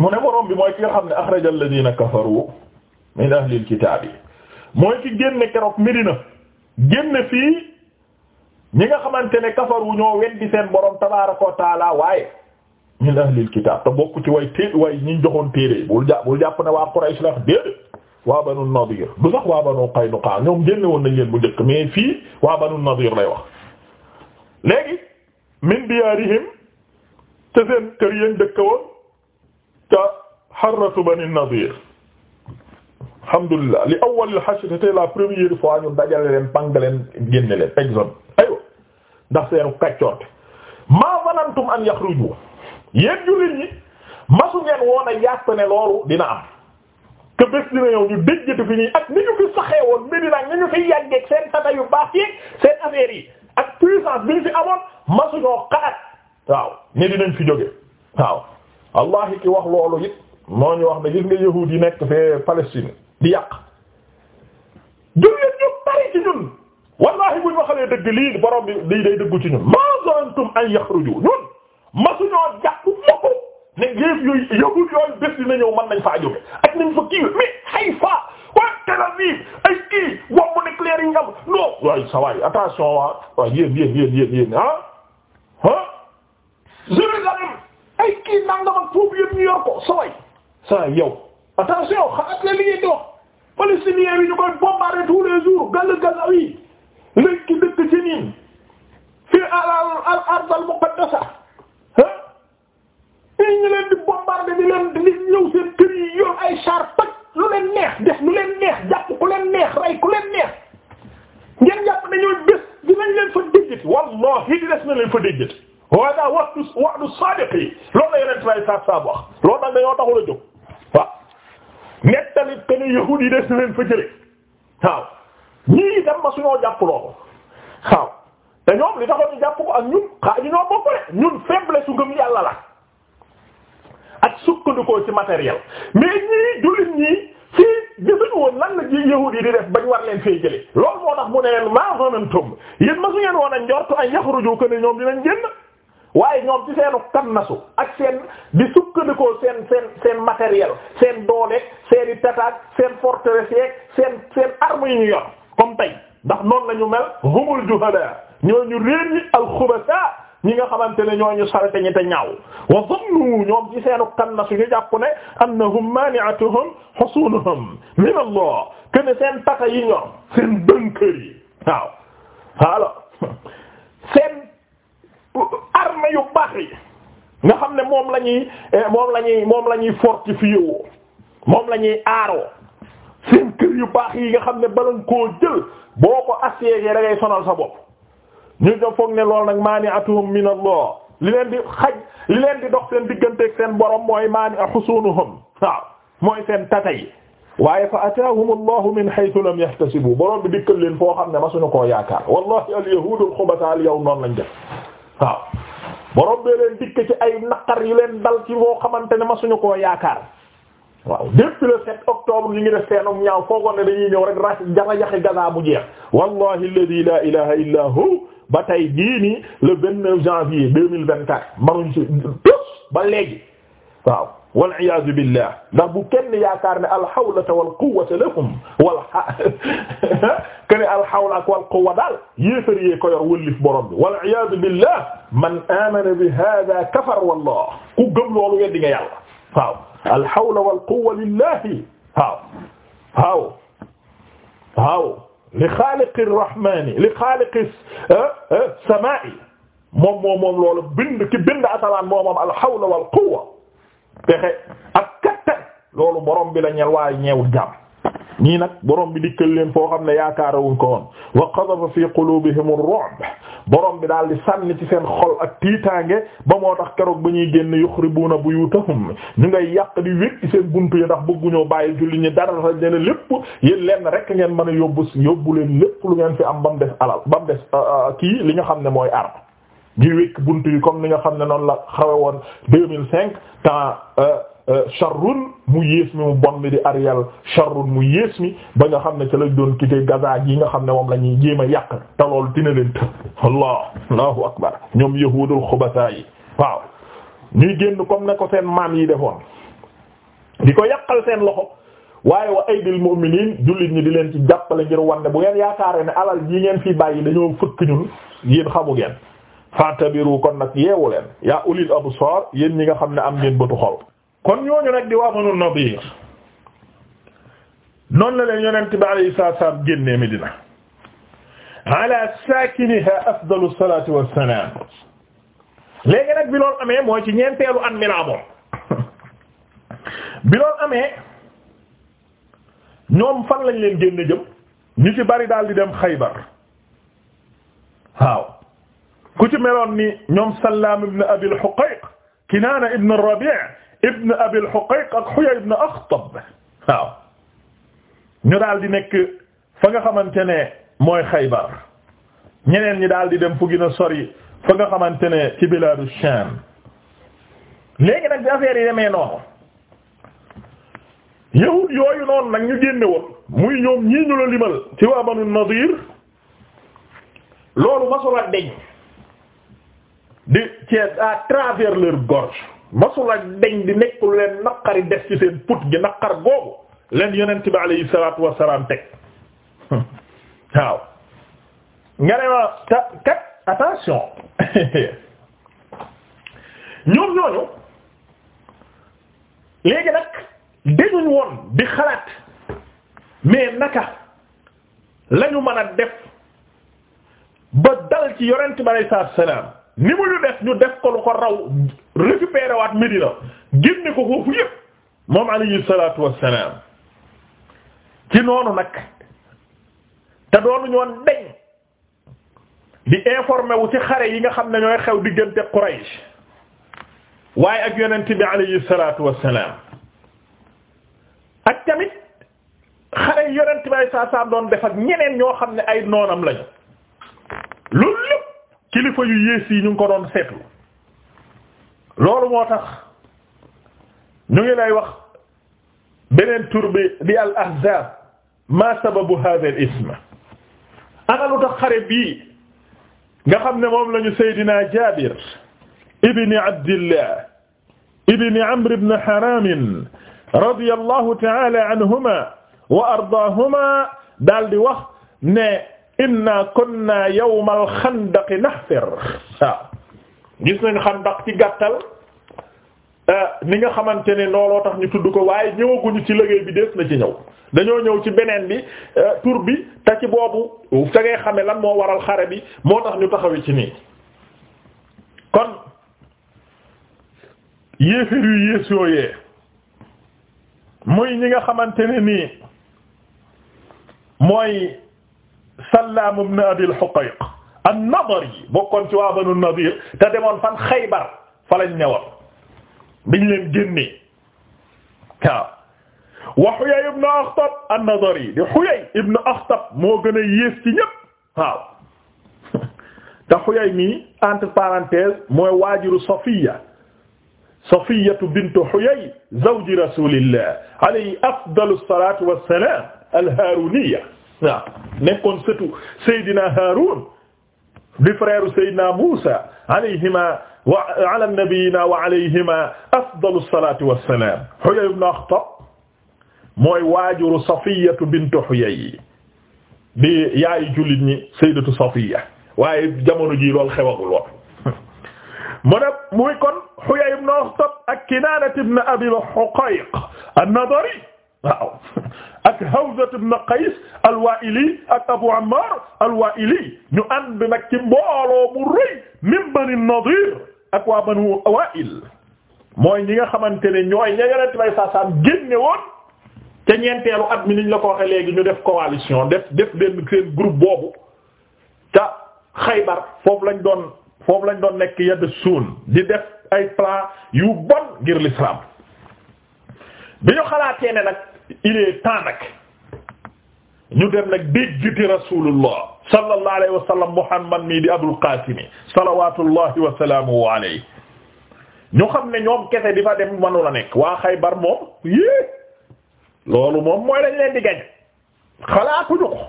mu ne borom bi mooy ki nga xam ne axraja alladina kafaru min ahlil kitaab yi mooy ki génne keroog Medina génne fii ñi nga xamante ne kafaru ñoo weddi seen borom tabaaraka wa taala waaye min ahlil kitaab te bokk ci way té way ñi joxoon téere bul jàpp bul jàpp ne waa Quraysh la déedéet waa Banu Nadir du sax waa Banu Qaynuqa ñoom génne woon nañ leen bu njëkk mais fii waa Banu Nadir lay wax léegi min diyaarihim te seen kër yeen dëkk woon ca xarratu bani nadir alhamdulillah li awwal al-hashr c'était la première fois ñu dajale leen pang leen génne leen exemple aywa ndax seenu kàccoorte maa vanantum an yaxruju yéen jullit ñi masu ngeen woon a loolu dina am te bés dina ñëw ñu déjjati fi ñuy ak ni ñu fi saxee woon Medina ni ñu fi yàggeeg seen tata yu baax yeeg seen affaires yi ak puissance bi ñu fi amoon masuñoo xalaat waaw ne dinañ fi jóge waaw wallahi ki wax loolu it moo ñu wax ne gis nga yahuud nekk fee Palestine di yàq jullit ñu bari ci ñun wallahi buñ waxalee dëgg lii borom bi lii day dëggu ci ñun ma zantum an yaxruju ñun masuñoo jàpp mokk ne géef yooyu yahuud yooyu bés dina ñëw mën nañ faa jóge ak nañ fa kii mais Haïfa waa Tel Aviv ay kii bombe nucléaire yi ngam non waaye sa waay attention waa waa yéen yéen yéen ah ah Jérusalem ay kii nangam ak foofu yëpp ñu yor ko saway saa yow attention xalaat la li ngeen di ci niin fii al al ard al muqaddasa ah fii ñu leen di bombarder di leen di ñëw seen kër yi ay char toj lu leen neex def lu leen neex jàpp ku leen neex rey ku leen neex ngeen jàpp ne ñooy bés dinañ leen fa déggati wallahi di des na leen fa déggati. hada waxtu waxtu sadiq yi loolu la yeneen tray saab saab wax loolu nag dañoo taxul a jóg waaw nettalit que ni yi des na leen fa waaw ñii dem ma suñoo jàpp loolu waaw te ñoom li taxoon ñu jàpp ko ak ñun xaa ñu ñoo bokkule ñun faible su ngëm yàlla la ak sukkandikoo ci material mais ñii jullit ñii fii gisuñu woon lan la ji yahuud yi di def bañ war leen fee jële loolu moo tax mu ne leen ma su ngeen woon a njortu ay yaxruju ko ne ñoom dinañ génn waaye ñoom ci seenu kannasu ak seen di sukkandikoo seen seen seen matériel seen dooleeg seen i tataak seen forteresse yeeg seen seen armes yi ñu yor comme ndax noonu la ñu mel humul juhala ñooñu réer ñi al xubasa ñi nga xamante ne ñooñu sarate ñi te ñaaw wa zannu ñoom ci seenu kannasu ñu jàpp ne annahum mani'atuhum husunuhum min Allah ken seen tata yi ñoom seen bënkër yi waaw waalo seen armée yu baax yi nga xam ne moom lañuy eh, moom lañuy ñuy moom la ñuy moom lañuy ñuy aaroo seen kër yu baax yi nga xam ne balañ koo jël boo ko assiégé da ngay sonal sa bopp ñu da ne loolu nag mani'atuhum min Allah li leen di xaj li leen di dox seen digganteeg seen borom mooy mani'a husunuhum waaw mooy seen tata yi waaye fa ataahum allahu min haythu lam yahtasibu borom bi dikkal leen foo xam ne ma suñu koo yaakaar wallahi al yahudu al xubata lañ def waaw borom bee leen dikk ci ay naqar yu leen dal ci boo xamante ne ma suñu koo yaakaar waaw depuis le 7 octobre ñu ngi def seenum ñaaw foogoon ne dañuy ñëw rek ra jafe-jafe Gaza mu jeex wallahi alladhi la ilaha illa hu ba tey jii nii le 29 janvier 2024 manuñ si tous ba léegi waaw. wal iyaazu billah ndax bu kenn yaakaar ne alxawlata wal quwwata lahum wal kene alxawla ak wal quwwa daal yéefar yee ko yor wëllif borom bi wal iyaazu billah man amana bi hada kafar wallah ku gëm loolu weddi nga yàlla waaw alxawla wal quwwa lillahi waaw waaw waaw li xaaliqi rahmaani li xaaliqi eh, eh, samaa'i moom moom moom loolu bind ki bind atalaan moom moom alxawla wal quwwa pexe ak kattan loolu boroom bi la ñel waaye ñeewul jàmm ñii nag borom bi dikkal leen foo xam ne yaakaarawuñ ko woon wa qadafa fi qulubihim ar-ru'b borom bi daal di sànni ci seen xol ak tiitaange ba moo tax keroog ba ñuy génn na yuxribuuna buyutahum ñu ngay yàq di wékki seen buntu yi ndax bëgguñoo bàyyi julli ñi dara la leen lépp yéen lenn rek ngeen mën a yóbbu yóbbu leen lépp lu ngeen fi am ba mu des alal ba euh, euh, kii li nga xam ne mooy ar ñuy wékk bunt yi comme ni nga xam ne noonu la xawe woon deux mille cinq temps euh, euh, sharrun mu yées mi mu bon mi di Ariel sharrun mu yées mi ba nga xam ne ca lañ doon quitté Gaza yi nga xam ne moom la ñuy jéem a yàq te loolu dina leen të allah allahu akbar ñoom yahudul xubasa yi waaw ñuy génn comme na ko seen maam yi defoon di ko yàqal seen loxo waaye wa aydil mu'minin jullit ñi di leen ci jàppale ngir wanne bu ngeen yaakaaree ne alal yi ngeen fi bàyyi dañoo fëkk ñun yéen xamu ngeen fatabiru kon nag yeewu leen yaa ulil absar yéen ñi nga xam ne am ngeen bëtu xol kon ñooñu nag di waa banu nadir noonu la leen yonent bi alayhi salaatu salaam saakiniha afdalu salaatu wassalaam léegi nag bi loolu amee mooy ci ñeenteelu at mi la amoon bi loolu amee ñoom fan lañ leen génn jëm ñu ci bari daal di dem Xaybar waaw ku ci meloon ni ñoom Sallaam ibn Abil Huqayq Kinaana ibn Rabi' ibn ak Huyay ibn Akhtab waaw ñu daal di nekk fa nga xamante ne mooy Xaybar ñeneen ñi daal di dem fu gën a sori fa nga xamante ne ci bilaadu Shaam léegi nag bi affaire yi demee noonu yahud yooyu noonu nag ñu génne muy ñoom ñii ñu la limal ci Nadiir loolu masul ak deñ di ci à travers leur gorge masula deñ di nekk leen naqari des ci seen put gi naqar googu leen yonent bi alayhi salaatu wassalaam teg waaw nga ne ma ta kat attention ñoom ñooñu léegi nag dañuñ woon di xalaat mais naka lañu mën a def ba dal ci yonent bi alayhi salaatu wassalaam ni mu ñu def ñu def ko lu ko raw récupéré waat Medina génne ko foofu yépp moom alayhi salaatu wassalaam ci noonu nag te doonu ñoon deñ di informé wu ci xare yi nga xam ne ñooy xew diggante Quraysh waaye ak yonent bi alayhi ak tamit xare yi yonent ay saa doon def ak ñeneen ñoo xam ne ay noonam lañu loolu kilifa yu yées yi ñu ngi ko doon seetlu loolu moo tax ñu ngi lay wax beneen tur bi di al ahzab ma sababu hadha al ism ana lu tax xare bii nga xam ne moom lañu Seydina Jaabir ibni Abdillah ibni Amr ibn Haram radiyallahu ta'ala anhuma wa ardaahuma daldi wax ne kon kunna yawmal xandaqi nahfir waaw gis nañ xandaq ci gàttal eh, ni nga xamante ne looloo tax ñu tudd ko waaye ñëwaguñu ci liggéey bi des na ci ñëw dañoo ñëw ci beneen bi eh, tur bi te boobu te ngay xame lan moo waral xare bi moo tax ñu taxawi ci nii kon yéefir yu yées yooyee muy ñi nga xamante ne nii mooy Sallaam ibn Abil Huqayq an-Nadari bokkoon ci waa Banu Nadir te demoon fan Xaybar fa lañ newoon biñ leen génnee waaw wa Huyay ibn Akhtab an-Nadari di Huyay ibn Akhtab moo gën a yées ci ñépp waaw te Huyay mii entre parenthèses mooy waajuru Safiya Safiyatu bintu Huyay zawji Rasulillah alayhi afdalu salatu wassalam al-Haruniya waaw nekkoon sëtu Seydina Haarun di frère Seydina Muusa alayhima wa ala nabiyyina wa alayhima afdalu salaatu wa salaam Huyay ibn Akhtab mooy waajuru Safiyatu bint Huyay di yaayu jullit ñi Sayyidatu Safiya waaye jamono ji lool xewagul woon mu ne muy kon Huyay ibn Akhtab ak Kinaana ibn Abi Huqayq an-Nadari waaw ak Hawzat ibn Qays al-Wa'ili ak Abu Ammar al-Wa'ili ñu ànd nag ci mbooloo bu rëy min Bani Nadir ak waa Banu Wa'il mooy ñi nga xamante ne ñooy ña yonent bay saasaam génne woon te ñeenteelu at mi niñ la ko waxe léegi ñu def coalition def def leen seen groupe boobu ca Xaybar foofu lañ doon foofu lañ doon nekk yadd suun di def ay plan yu bon ngir l'islam bi ñu xalaatee ne nag il est temps nag ñu dem nag déggati rasulullah sallallahu alayhi wa sallam muhammad mi di abul qasim salawatullahi wa salaamuhu ñu xam ne ñoom kese di fa dem manu la nekk waa Xaybar moom yée loolu moom mooy lañ leen di gañ xalaatuñu ko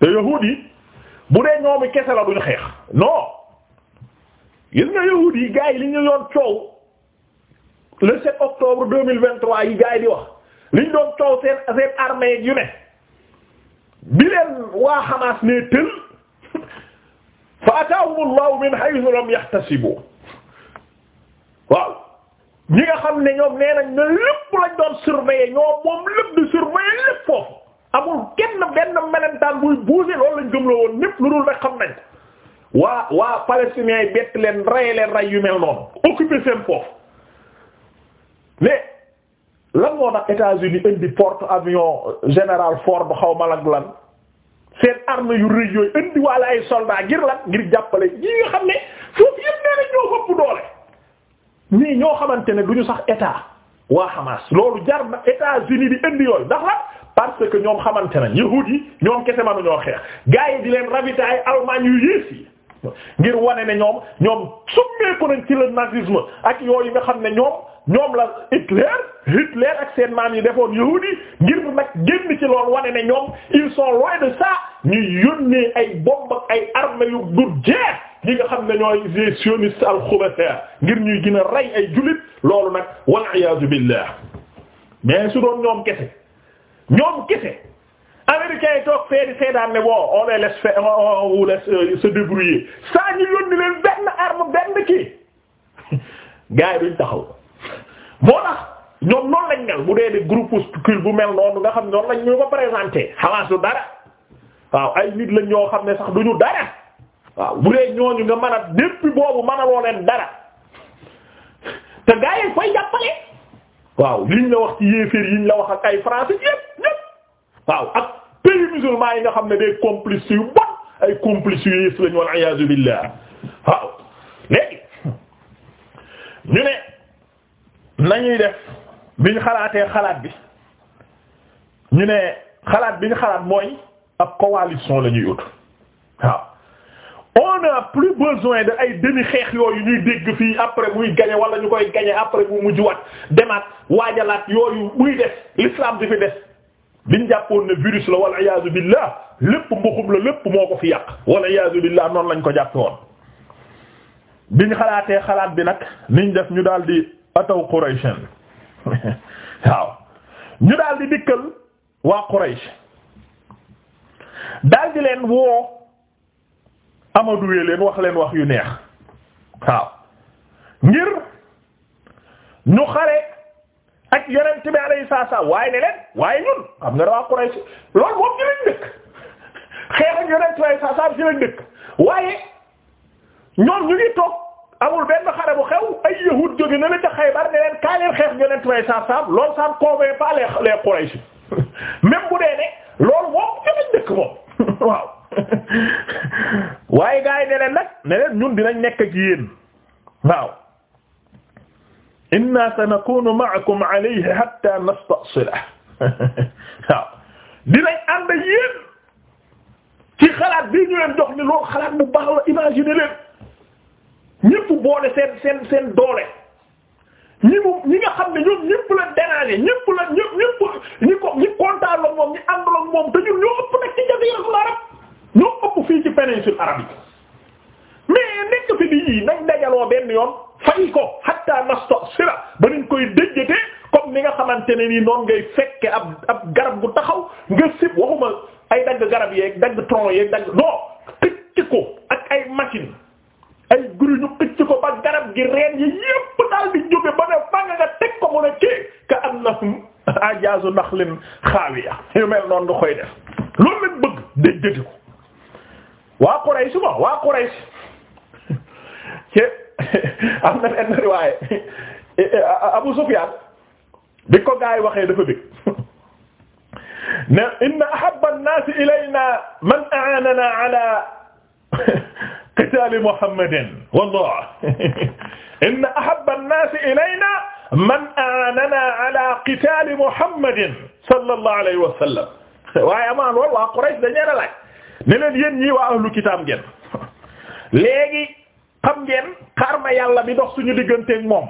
te yahuud bu dee ñoomi kese la duñu xeex non gis yi gars li ñu yoon coow le 7 octobre 2023 yi gars yi di wax liñ doon coow seen seen armée yu ne bi leen waa Hamas ne tël fa ataahum min haythu lam yahtasibu waaw ñi nga xam ne ñoom nee nañ ne lépp lañ doon surveiller ñoom moom lépp di surveiller lépp foofu amul kenn benn melentaan buy buuse loolu lañ gëm la woon ñépp lu dul rek xam nañ waa waa palestiniens bett leen rey leen rey yu mel noonu occuper seen foofu mais lan moo tax États-Unis indi porte avions général Ford xaw ma lan lan seen yu rëy indi walla ay soldats ngir lan ngir jàppale ñi nga xam ne foofu yëpp nee na ñoo ëpp doole ñii ñoo xamante ne du ñu sax état waa Hamas loolu jar na États-Unis di indi yooyu ndax la parce que ñoom xamante nañ yahuud yi ñoom kese mënuñoo xeex gars yi di leen ravitailler ay yu yées yi ngir wane na ñoom ñoom summeeku nañ ci le nazisme ak yooyu nga xam ne ñoom ñoom la Hitler Hitler ak seen maam yi defoon yahudi ngir bu nag génn ci loolu wane na ñoom ils sont loin de ça ñu yónnee ay bombe ak ay armes yu dul jeex ñi nga xam ne ñooy les sionistes al-xubasa ngir ñuy gina a rey ay jullit loolu nag wal iyaazu billah mais su doon ñoom kese ñoom kese. américains yi toog fee di seedaan ne bon on les laisse faire on vous laisse euh, se débrouiller ñu yónni leen benn arme benn kii gars yi duñ taxaw moo tax ñoom noonu lañ mel bu dee di groupuscule bu mel noonu nga xam noonu lañ ñu ko présenté xalaas yu dara waaw ay nit lañ ñoo xam ne sax duñu dara waaw bu dee ñooñu nga mën a depuis boobu mën a loo leen dara te gars yi fay jàppale waaw liñ la wax ci yéeféer yiñ la wax ak ay français yépp yépp waaw ak pays musulman yi nga xam ne des complices yu bon ay complices yu yées lañu wal iyaazu billah waaw léegi ñu ne nañuy def biñ xalaatee xalaat bi ñu ne xalaat biñ xalaat mooy ak coalition la ñuy ut waaw on a plus besoin de ay demi xeex yooyu ñuy dégg fii après muy gañe wala ñu koy gañe après mu mujjuwaat demaat waajalaat yooyu muy des l'islam di fi des biñ jàppoon ne virus la wal iyaazu billah lépp mbuxum la lépp moo ko fi yàq wal iyaazu billah noonu lañ ko jàppe woon biñ xalaatee xalaat bi nag niñ def ñu daal di ataw Qurayshan waaw ñu daal di dikkal waa Quraysh daal leen woo amaduwee leen wax leen wax yu neex waaw ngir ñu xare ak yonent bi alayhi salaam waaye ne waaye ñun xam nga dafa Quraysh loolu moom ci lañ dëkk xeex ak yonent bi alayhi salaam ci lañ dëkk waaye ñoom ñu ngi toog amul benn xare bu xew ay yahuud jóge na la ca Xaybar ne leen kaa leen xeex ak yonent bi alayhi salaam loolu ça ne convainc pas les les Quraysh bu dee ne loolu moom ci lañ dëkk moom waaw waaye gars yi ne leen nag ne leen ñun dinañ nekk ak yéen waaw. inna sanakunu ma'akum alayhi hatta nasta'silah waaw dinañ ànd ak yéen ci xalaat bii ñu leen jox ni loolu xalaat bu baax la imaginer leen ñëpp boole seen seen seen doole ñi mu ñi nga xam ne ñoom ñëpp la déranger ñëpp la ñëpp ñëpp ñi ko ñi kontaan la moom ñi àndul ak moom te ñun ñoo ëpp nag ci jaziratul arab ñoo ëpp fii ci péninsule arabique mais nekk fi di yii nañ dajaloo benn yoon. fay ko hatta nastasira ba niñ koy déjjate comme ni nga xamante ne nii noonu ngay fekke ab ab garab gu taxaw nga sib waxuma ay dagg garab yeeg dagg tronc yeeg dagg non xëcc ko ak ay machine ay guru ñu xëcc ko ba garab gi reen yi yépp daal di jóge ba ne ba nga teg ko mu ne kii ka annahum ajaazu naxlin xaawiya yu mel noonu nga koy def loolu lañ bëgg déjjate ko waa Quraysh ma waa Quraysh am na benn riwaaye eh, eh, Abu Sufyaan bi ko gaa yi waxee dafa bëgg ne inna ahabba an-naas ilayna man a'aanana ala qitaali Muhammadin wallaah inna ahabba an-naas ilayna man a'aanana ala qitaali Muhammadin sallallahu alayhi wa sallam waaye amaan lool waa Quraysh dañu leen a laaj ne leen yéen ñii waa ahlu kitaab ngeen léegi xam ngeen xaar ma yàlla bi dox suñu digganteeg moom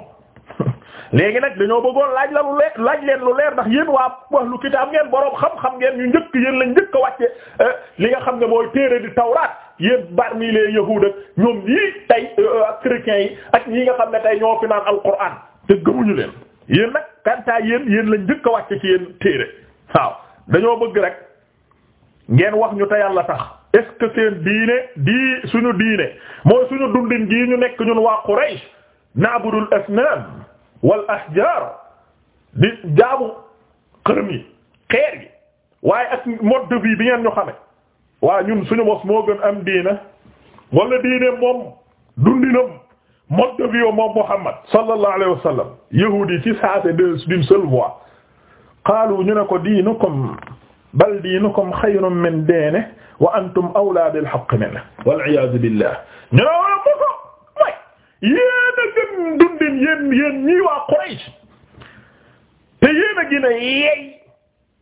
léegi nag dañoo bëggoon laaj la lu leer laaj leen lu leer ndax yéen waa wax lu kitaab ngeen boroom xam-xam ngeen ñu njëkk yéen la njëkk a wàcce euh, li nga xam ne mooy téere di tawraat yéen parmi les yahuud ak ñoom yii tey euh, ak chrétiens yi ak ñi nga xam ne tey ñoo fi naan alquran te gëmuñu leen yéen nag kantaa yéen yéen la njëkk a wàcce ci yéen téere waaw dañoo bëgg rek ngeen wax ñu te yàlla tax. est-ce que seen diine suñu diine mooy suñu dundin gii ñu nekk ñun waa Quraysh na'budul asnam wal ahjar di jaamu xërëm yi waaye ak mode de bi ngeen ñu xame waa ñun suñu mos moo gën am diina wala diine moom dundinam mode de vie moom Muhammad sallallahu alayhi wa sallam yahuudi yi ci saase de qaalu ñu ko diinukum bal diinukum xayrun min diinihi wa antum awlaa bil haqqi minhu wal iyaadu billah ñu ne wala mu ko way yéen a gën dundin yéen yéen ñii waa Quraysh te yéen a gën a yey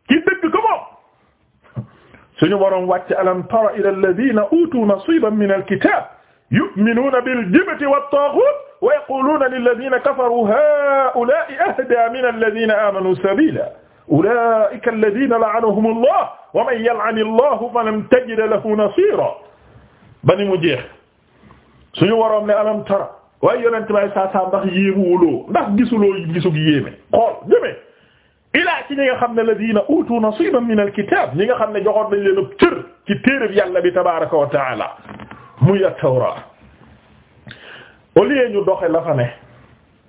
ci dëgg ko moom suñu boroom wàcc alam tara ila alladhina utu nasiban min alkitab yu'minuna bil jibti wat taghut wa yaquluna lil ladhina kafaru ha'ula'i ahda min alladhina amanu sabila ulaika alladhina la'anahum allah wa man yal'ani Allahu falam tajida lahu nasira ba ni mu jeex suñu waroom ne alam tara waaye yonent bay saa saa ndax yéemuwuloo ndax gisuloo gisug yéeme xool jëmee ilaa ci ñi nga xam ne la ladina utu nasiban min alkitab ñi nga xam ne joxoon nañ leen ab cër ci téereb yàlla bi tabaraka wa taala muy at-tawra au lieu ñu doxe la fa ne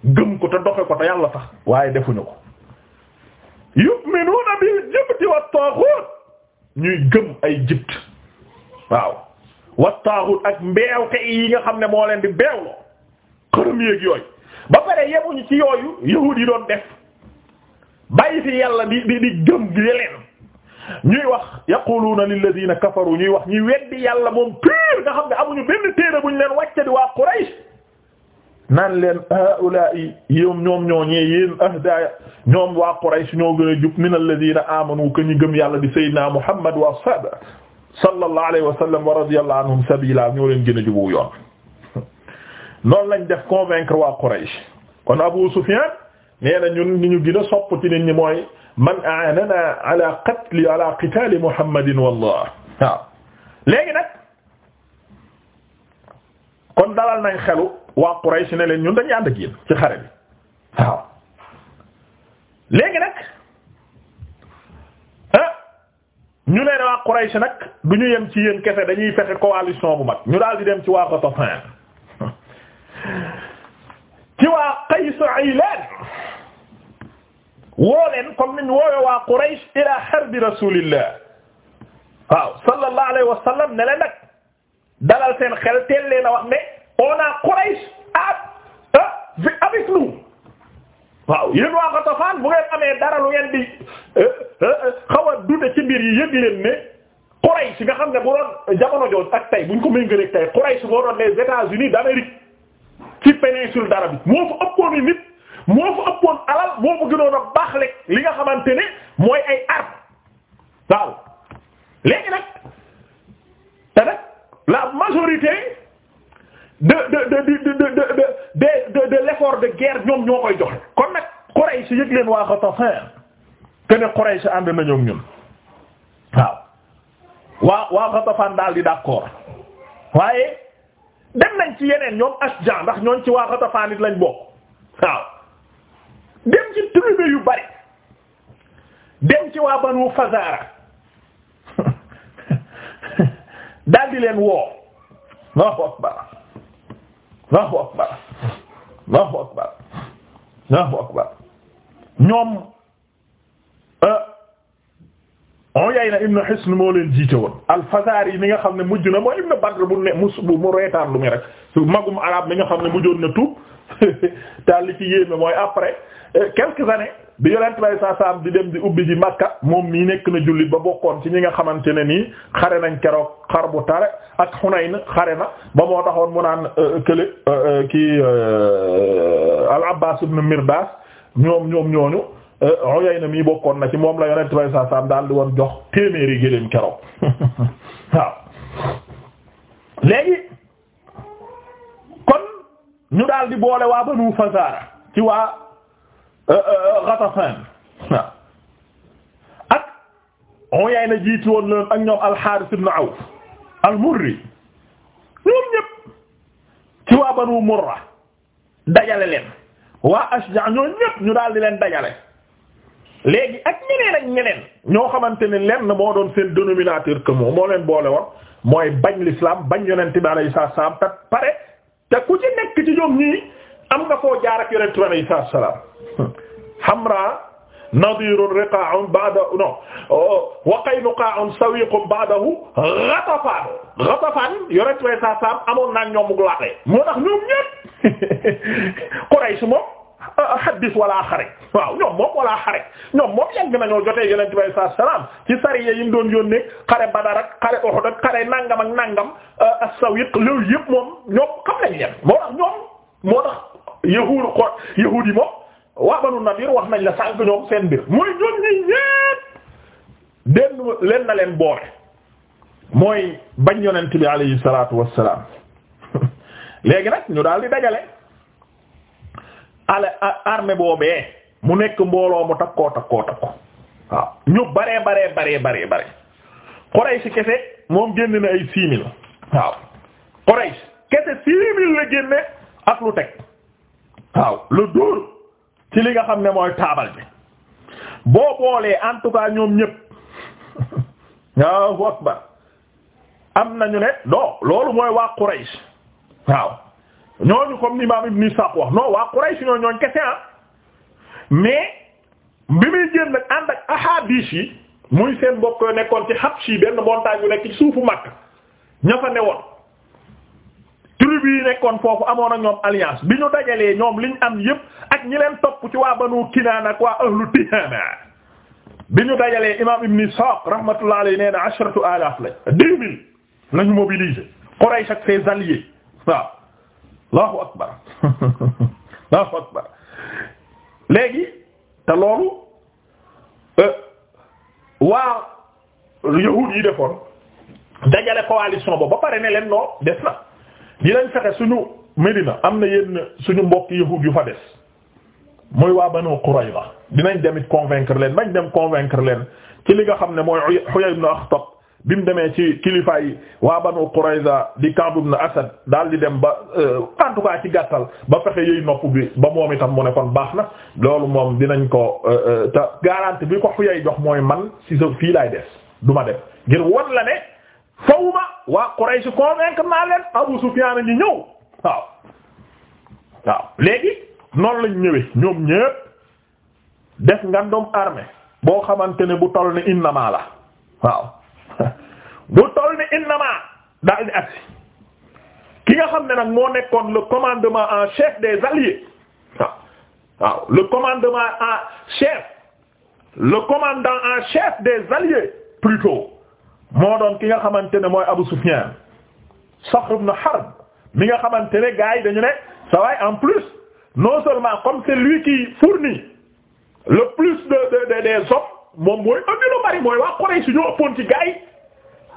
gëm ko te doxe ko te yàlla tax waaye defuñu ko yu'minuuna bil jibti wat taaghut ñuy gëm ay jibt waaw wa ak mbeew te yi nga xam ne moo leen di beewloo xërëm yéeg yooyu ba pare yemuñu ci yooyu yahud di doon def bàyyi fi yàlla di di di gëm gi leen ñuy wax yaquluuna lilladina kafaru ñuy wax ñi weddi yàlla moom pur nga xam ne amuñu benn téere buñ leen wàcce di waa Quraysh naan leen haula'i yoom ñoom ñooñee yéen ahdaaya ñoom waa Quraysh ñoo gën a jub min alladina amanu que ñu gëm yàlla di sayyidina Muhammad wa ashaba sallallahu alayhi wa sallam wa radiyallahu anhum sabila ñoo leen gën a jubu yoon noonu lañ def convaincre waa Quraysh kon Abu Sufyan nee na ñun ni ñu gën a sopp ci nit ñi mooy man aanana ala qatli ala qitali Muhammadin wallah waaw léegi nag kon dalal nañ waa Quraysh ne leen ñun dañu ànd ak yéen ci xare bi waaw léegi nag ah ñu ne waa Quraysh nag du ñu yem ci yéen kese dañuy fexe coalition bu mag ñu daal di dem ci waa Ghatafan ci waa Qays Aylan woo leen comme niñ woowe waa Quraysh ila harbi rasulillah waaw sallallahu alayhi wa sallam ne leen dalal seen xel teel leen a ne on a Quraysh à avec ah, waaw yéen waa Ghatafan bu ngeen amee dara lu ngeen di eh, eh, eh, xaw a dute ci mbir yi yëg leen ne Quraysh nga xam ne bu doon jamono jooju ak tey buñ ko méngalee ak tey Quraysh boo doon les États-Unis d'Amérique ci péninsule d'Arabie moo fa ëppoon nit moo fa ëppoon alal moo fa gënoon a baax lekk li nga xamante ne mooy ay armes waaw léegi nag te nag la de de de de de de de l'effort de guerre ñoom ñoo koy joxe kon nag Quraysh yëg leen waa Ghatafan te ne Quraysh ànd nañoo ak ñun waaw waa waa Ghatafan daal di d'accord waaye dem nañ ci yeneen ñoom Ashja ndax ñooñ ci waa Ghatafan it lañ bokk waaw dem ci tribu yu bari dem ci waa Banu Fazara daal di leen woo waaw waaw. Allahu akbar Allahu akbar Allahu akbar ñoom euh, Uyayna ibn Hisn moo leen jiite woon al-Fazari mi nga xam ne mujj na moo ibn Badr bu ne mu mu reetaan lu mi rek su magum arab mi nga xam ne mujjoon na tuub daal li ci yéeme mooy après euh, quelques années bi yonent bay saa di dem di ubbi ji Makka moom mii nekk na jullit ba bokkoon ci ñi nga xamante ne nii xare nañ keroog xar bu tare ak Hunayn xare na ba moo taxoon mu naan euh, kële euh, euh, kii al-Abbas ibn Mirdas ñoom ñoom ñooñu Uyayna mii bokkoon na ci moom la yonent bay saa saam di woon jox téeméeri gëléem keroog waaw léegi kon ñu daal di boole waa Banu Fazara ci waa. Ghatafan euh, euh, euh, waaw ak na jiitu woon leen ak ñoom al-Harith ibn Awf al-Murri ñoom ñëpp ci waa Banu Murra dajale leen waa Ashja' ñoo ñëpp ñu daal di leen dajale léegi ak ñeneen ak ñeneen ñoo xamante ne na moo doon seen dénominateur commun moo leen boole woon mooy bañ l'islam bañ yonent bi alayhi salaam te pare te ku ci nekk ci ñoom ñii am nga foo jaar ak yonent bi alayhi salaam. hamra nadirun riqa'un ba'da non oh, wa qaynuqa'un sawiqun ba'dahu ghatafan ghatafan yonent way sa amoon naag ñoom mug laaqee moo tax ñoom ñëpp Quraysh moom ah, haddis wala xare waaw ñoom moom wala xare ñoom moom yàgg nañoo jotee yonent bay saa salaam ci sariya yi doon yónnee xare Badar ak xare Uhud ak xare nangam ak nangam ah, as-Sawiq loolu yëpp moom ñoom xam nañ leen moo tax ñoom moom waa banu nadir wax nañ la sànq ñoom seen mbir mooy ñoom ñi ñépp denn leen na leen boore mooy bañ yonent bi alayhi salaatu wassalaam léegi nag ñu daal di dajale ale armée boobee mu nekk mbooloo mu takkoo takkoo takkoo ñu baree baree baree baree bare Quraysh kese moom génn na ay six waaw Quraysh kese six la génne ak lu teg waaw lu dóor ci li nga xam ne mooy taabal bi boo boolee en tout cas ñoom ñëpp waaw akbar am nañu ne non loolu mooy waa Quraysh waaw ñooñu comme ni imam Ibn Ishaq wax non waa Quraysh ñooñu ñooñu kese ah mais bi muy génn nag ànd ak ahadis yi muy seen bokk nekkoon ci Habshi benn montagne yu nekk ci suufu Makka ña fa tribu yi nekkoon foofu amoon ak ñoom alliance bi ñu dajalee ñoom liñ am yépp ak ñi leen topp ci waa banu Kinaana ak waa ahlu Tihaama bi ñu dajalee imaam Ibn Isaaq rahmatullahi alayhi nee na alaaf lañ dix lañu mobiliser Quraysh ak ses alliés waaw Allahu akbar Allahu akbar léegi te loolu euh, waa yahuud yi defoon dajale coalition ba ba pare ne leen noo des na dinañ fexe suñu Medina am na yenn suñu mbokk yahud yu fa des mooy waa Banu Qurayza dinañ demit convaincre leen nañ dem convaincre leen ci li nga xam ne mooy Huyay ibn Akhtab bi mu demee ci kilifa yi waa Banu Qurayza di Ka'b ibn Asad daal di dem ba euh, en tout cas ci gàttal ba fexe yooyu nopp bi ba moom itam mu ne kon baax na loolu moom dinañ ko euh, euh, te garantie bi ko Huyay jox mooy man si sa fii laay des du ma dem ngir won la ne. fawuma waa Quraysh convaincre naa leen Abu Sufyaan a ñëw waaw waaw léegi noonu lañ ñëwee ñoom ñépp def ngandum armée boo xamante ne bu toll ni innama la waaw bu toll ni innama daal di agsi ki nga xam ne nag moo nekkoon le commandement en chef des alliés waaw le commandement en chef le commandant en chef des alliés plutôt moo doon ki nga xamante ne mooy Abu Sufyan Saxr ibn Harb mi nga xamante ne gars yi dañu ne sa en plus non seulement comme c'est lui qui fournit le plus de de de des moom mooy ëndi lu bari mooy waa Quraysh ñu ëppoon ci gars yi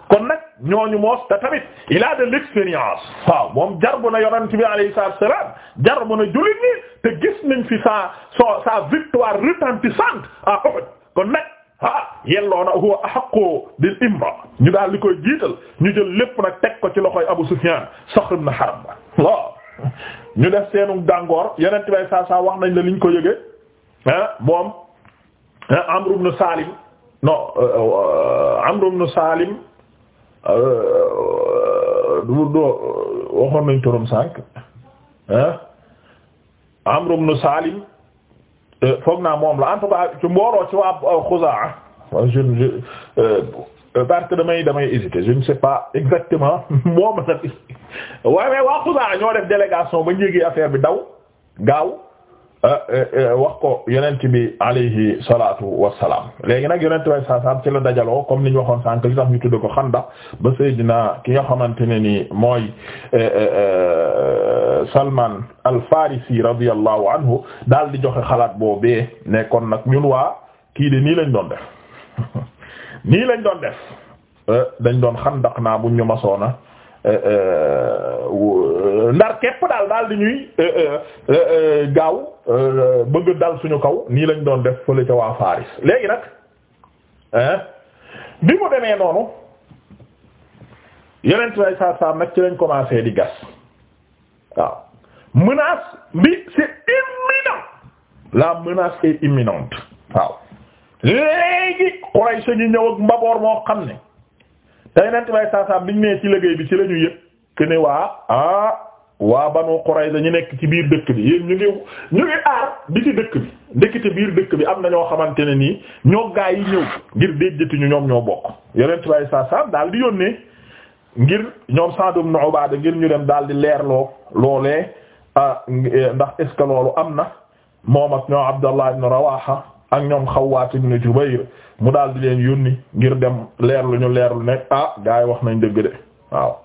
kon nag ñooñu moos te tamit il a de l'expérience waaw moom jar bu na yonent bi alayhi salaatu wa salaam jar bu na jullit ñi te nañ fi sa sa sa victoire retentissante à Uhud kon nag ah yelloo na huwa ahaqqu bil imra ñu daal di koy jiital ñu jël lépp nag teg ko ci loxoy Abu Sufyan Saxr ibn Harb waaw def seenu gàngoor yeneen tibay saa saa wax nañ la liñ ko yëgee ah moom Amr ibn Salim non euh, euh, Amr ibn Salim euh, du doo waxoon nañ Euh, foog naa moom la en tout cas ci ci waa euh, Xuzaa euh, je je damay damay hésiter je ne sais pas exactement moom la waaye waa Xuzaa ñoo def délégation ba njëgee affaire bi daw gaaw. Euh, euh, euh, wax ko yonent bi alayhi salatu wasalaam léegi nag yonent bi saa ci la dajaloo comme ni ñu waxoon sànq li tax ñu tudd ko xanda ba Seydina ki nga xamante ne ni mooy Salman al-Farisi radiyallahu anhu daal di joxe xalaat boobee ne kon nag ñun waa kii de nii lañ doon def nii lañ doon def dañ doon xandaq naa buñ ñu masoona Euh, euh, euh, ndar képp daal daal di ñuy gaaw bëgg dal suñu kaw nii lañ doon def fële ca waa Faris léegi nag bi mu demee noonu yeneen way saa saa nag ci lañ commencé di gas waaw menace bi c'est imminent la menace est imminente waaw léegi Quraysh ngi ñëw ak mbaboor moo xam ne te yeneen tubaab saasaam biñ nee ci liggéey bi ci la ñu yëg que ne waa ah waa Banu Qurayza ñu nekk ci biir dëkk bi yéen ñu ngi aar bi ci dëkk bi ndekete biir dëkk bi am na ñoo xamante ne nii ñoo gaa yi ñëw ngir déjjati ñu ñoom ñoo bokk yeneen tubaab saasaam daal di yónnee ngir ñoom Sa'd ibn Ubaada ngir ñu dem daal di leerloo loolee ah, ndax est ce que loolu am na moom ak ñoom Abdallah ibn Rawaha ak ñoom Xawwaat ibn Jubayr mu daal di leen yónni ngir dem leerlu ñu leerlu ne ah gaa yi wax nañ dëgg de waaw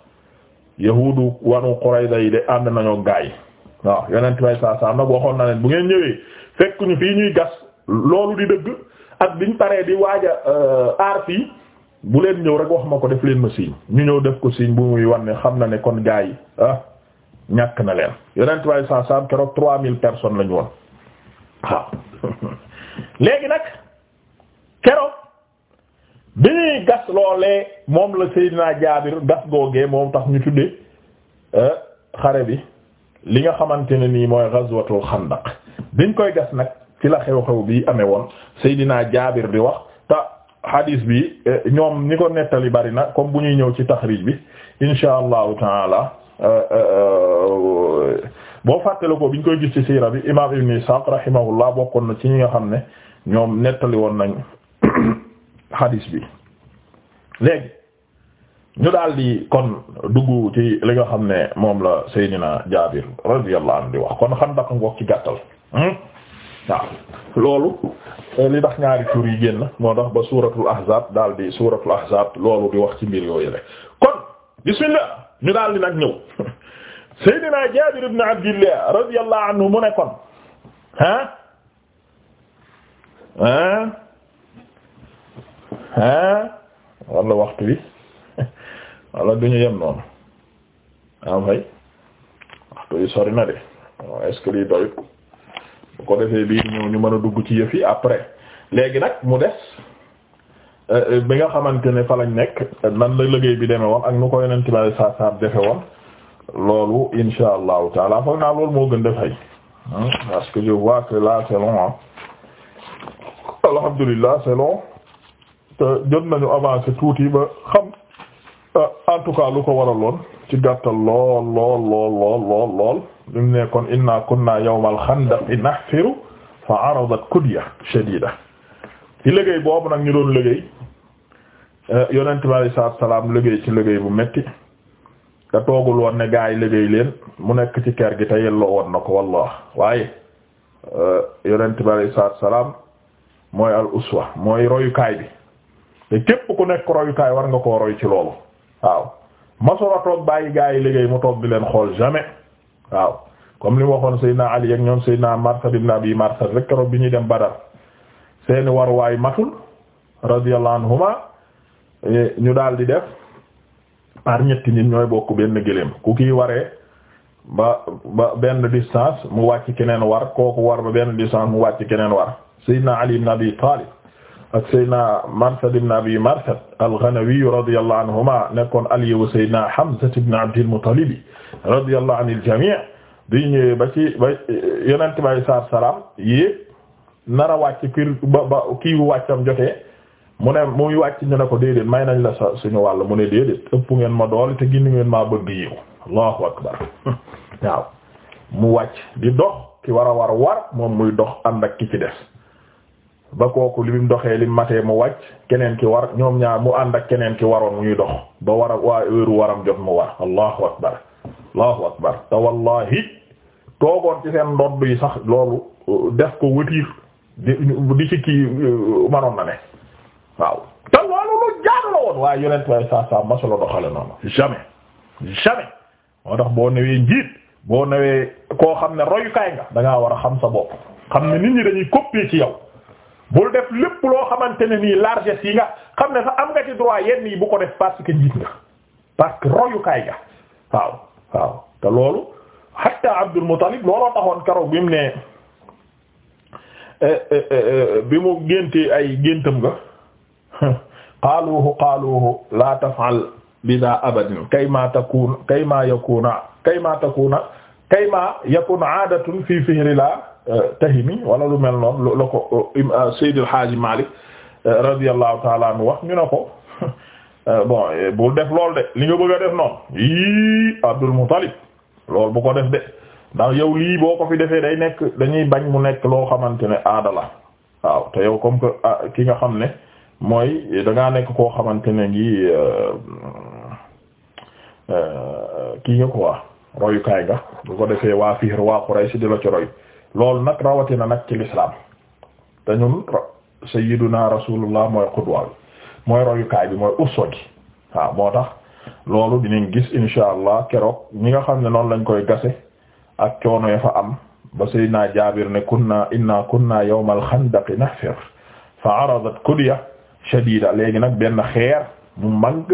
yahudu wanu Qurayza yi ànd nañoo gaa yi waaw yonent may saa saa nag waxoon na leen bu ngeen ñëwee fekk ñu fii ñuy gas loolu di dëgg ak biñ paree di waaja euh, aar fii bu leen ñëw rek wax ma ko def leen ma siiñ ñu ñëw def ko siiñ bu muy wan ne xam na ne kon gaa yi ah ñàkk na leen yonent may saa saa keroog trois mille personnes lañu woon waaw léegi nag kero bi ñuy gas loolee moom la Seydina Jaabir gas googee moom tax ñu tuddee euh, xare bi li nga xamante ne nii mooy ghazwatul xandaq biñ koy gas nag ci la xew-xew bi amee woon Seydina Jaabir di wax te hadis bi euh, ñoom ñi ko nettali bari na comme bu ñuy ñëw ci taxriij bi insha allahu taala euh, boo fàttale ko biñ koy gis ci siira bi imaam Ibn Ishaq rahimahullah bokkoon na ci ñi nga xam ne ñoom nettali woon nañ hadis bi léegi ñu daal di kon dugg ci li xam ne moom la Seydina Jaabir radiyallahu anhu di wax kon xam ndax ngoog ci gàttal hmm? loolu eh, li tax ñaari tur yi génn moo tax ba suuratul ahzaab daal di ahzaab loolu di wax ci mbir yooyu rek kon bismillah ñu daal nag ñëw Seydina Jaabir ibn Abdillah radiyallahu mu ne kon ah ah ah wala waxtu wi wala du ñu yem noonu am fay waxtu wi sori de est-ce que bu ko defee bii ñu ñu mën a dugg ci yëf yi après léegi nag mu des euh, euh, bi nga xamante ne fa lañ nekk nan la liggéey bi demee woon ak nu ko yeneen tibaay saa saa defe woon loolu insha allahu taala foog naa loolu moo gën dafay hmm? parce que je vois que là c'est alhamdulillah c'est te jot nañu avancé tuuti ba xam euh, en tout cas lu ko waraloon ci gàttal lool lool lool lool lool lool li mu nekkoon inna kunna yawmal xandaqi nahfiru fa aradat kudya shadida ci liggéey boobu nag ñu doon liggéey euh, yonent bi salaam liggéey ci liggéey bu metti te toogul woon ne gaa yi liggéey leen mu nekk ci kër gi te yelloo woon na ko wallah waaye euh, yonent bi salaam mooy al uswa mooy royukaay bi te képp ku nekk royukaay war nga koo roy ci loolu waaw masora toog bàyyi gaa yi liggéey mu toog di leen xool jamais waaw comme li waxoon Seydina Ali ak ñoom Seydina na ibn Abi Marsad rek keroog bi ñuy dem Badar seeni waruwaay matul radiyallahu ñu daal di def par ñetti nit ñooy bokk benn gëléem ku kii waree ba ba benn distance mu wàcc keneen war kooku war ba benn distance mu wàcc keneen war Seydina Ali ibn Abi ak Seydina Marsad ibn Abi Marsad al-Ghanawi radiyallahu anhuma nekkoon aliyewu Seydina Hamza ibn Abdil Muttalib radiyallahu anil jamii' di ñëwee ba ci ba yonent bi saa salaam yéeg nar a wàcc kii ba ba kii bu wàccam jotee mu ne muy wàcc ñu ne ko déedéet may nañ la sa suñu wàll mu ne déedéet ëpp ngeen ma doole te gindi ngeen maa bëgg yiw akbar mu wàcc di dox ki war a war war moom muy dox ànd ak ki ci ba kooku li mu doxee lim matee mu wàcc keneen ki war ñoom ñaar mu ànd ak keneen ki waroon muy dox ba war a waa heure waram jot mu war allahu akbar allahu akbar te wallahi toogoon ci seen ndodd yi sax loolu uh, def ko wëtiir di di ci kii uh, manoon na ne waaw te loolu lu jaadu la woon waaye yonent waaye saa saa masula doxale noonu jamais jamais moo tax boo newee njiit boo newee koo xam ne royukaay nga dangaa war a xam sa bopp xam ne nit ñi dañuy copier ci yow bul def lépp loo xamante ne nii largesse yi nga ne sax am nga ci droit yenn bu ko def parce que njiit nga parce que royukaay nga waaw waaw te loolu hatta Abdul Muttalib looloo taxoon keroog bi mu ne eh, eh, eh, bi mu génte ay géntam nga qaaluhu qaaluhu la taf'al bida abadin kayma takun kayma yakuna kayma takuna kayma yakun aadatun fi fihrila Tahimi wala lu mel noonu la ko euh, Seydil Hadji Malick euh, radiyallahu taala anhu wax ñu ne ko euh, bon bul def lool de li nga bëgg a def noonu yii Abdul Muttalib loolu bu ko def de ndax yow lii boo ko fi defee day nekk dañuy bañ mu nekk loo xamante ne aada la waaw te yow comme que ah, ki nga xam ne mooy da nekk koo xamante ne ngi kii nga quoi royukaay nga bu ko defee waa fiir waa Quraysh di la ci roy loolu nag rawatina nag ci l'islam te ñun sayyiduna rasulullah mooy xudwa bi mooy royukaay bi mooy uswa gi waaw moo tax loolu dinañ gis insha allah keroog ñi nga xam ne noonu lañ koy gase ak coono ya fa am ba sayyidina jaabir ne kunna inna kunna yawm al-xandaq nahfir fa aradat kudya shadida léegi nag benn xeer mu màgg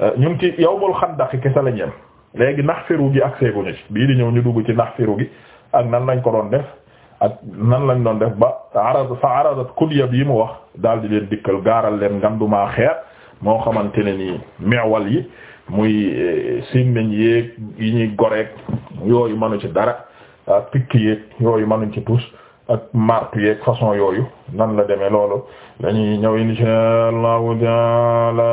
euh, ñun ci yawmul xandaq kese la ñem léegi naxfiru gi ak seeguñu ci bii di ñëw ñu dugg ci naxfiru gi ak nan lañ ko doon def ak nan lañ doon def ba arad fa aradat kulya bi mu wax daal di leen dikkal gaaral leen ngandumaa xeer moo xamante ne nii meewal yi muy eh, simmeñ yéeg yi ñuy goreeg yooyu manu ci dara ak pikk yéeg yooyu manuñ ci tus ak martu yeeg façon yooyu nan la demee loolu dañuy ñëw insha allahu taala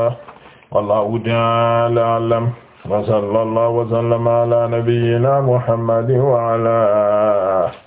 wallahu taala alam wa sallallahu wa sallama ala nabiyyina muhammadin wa ala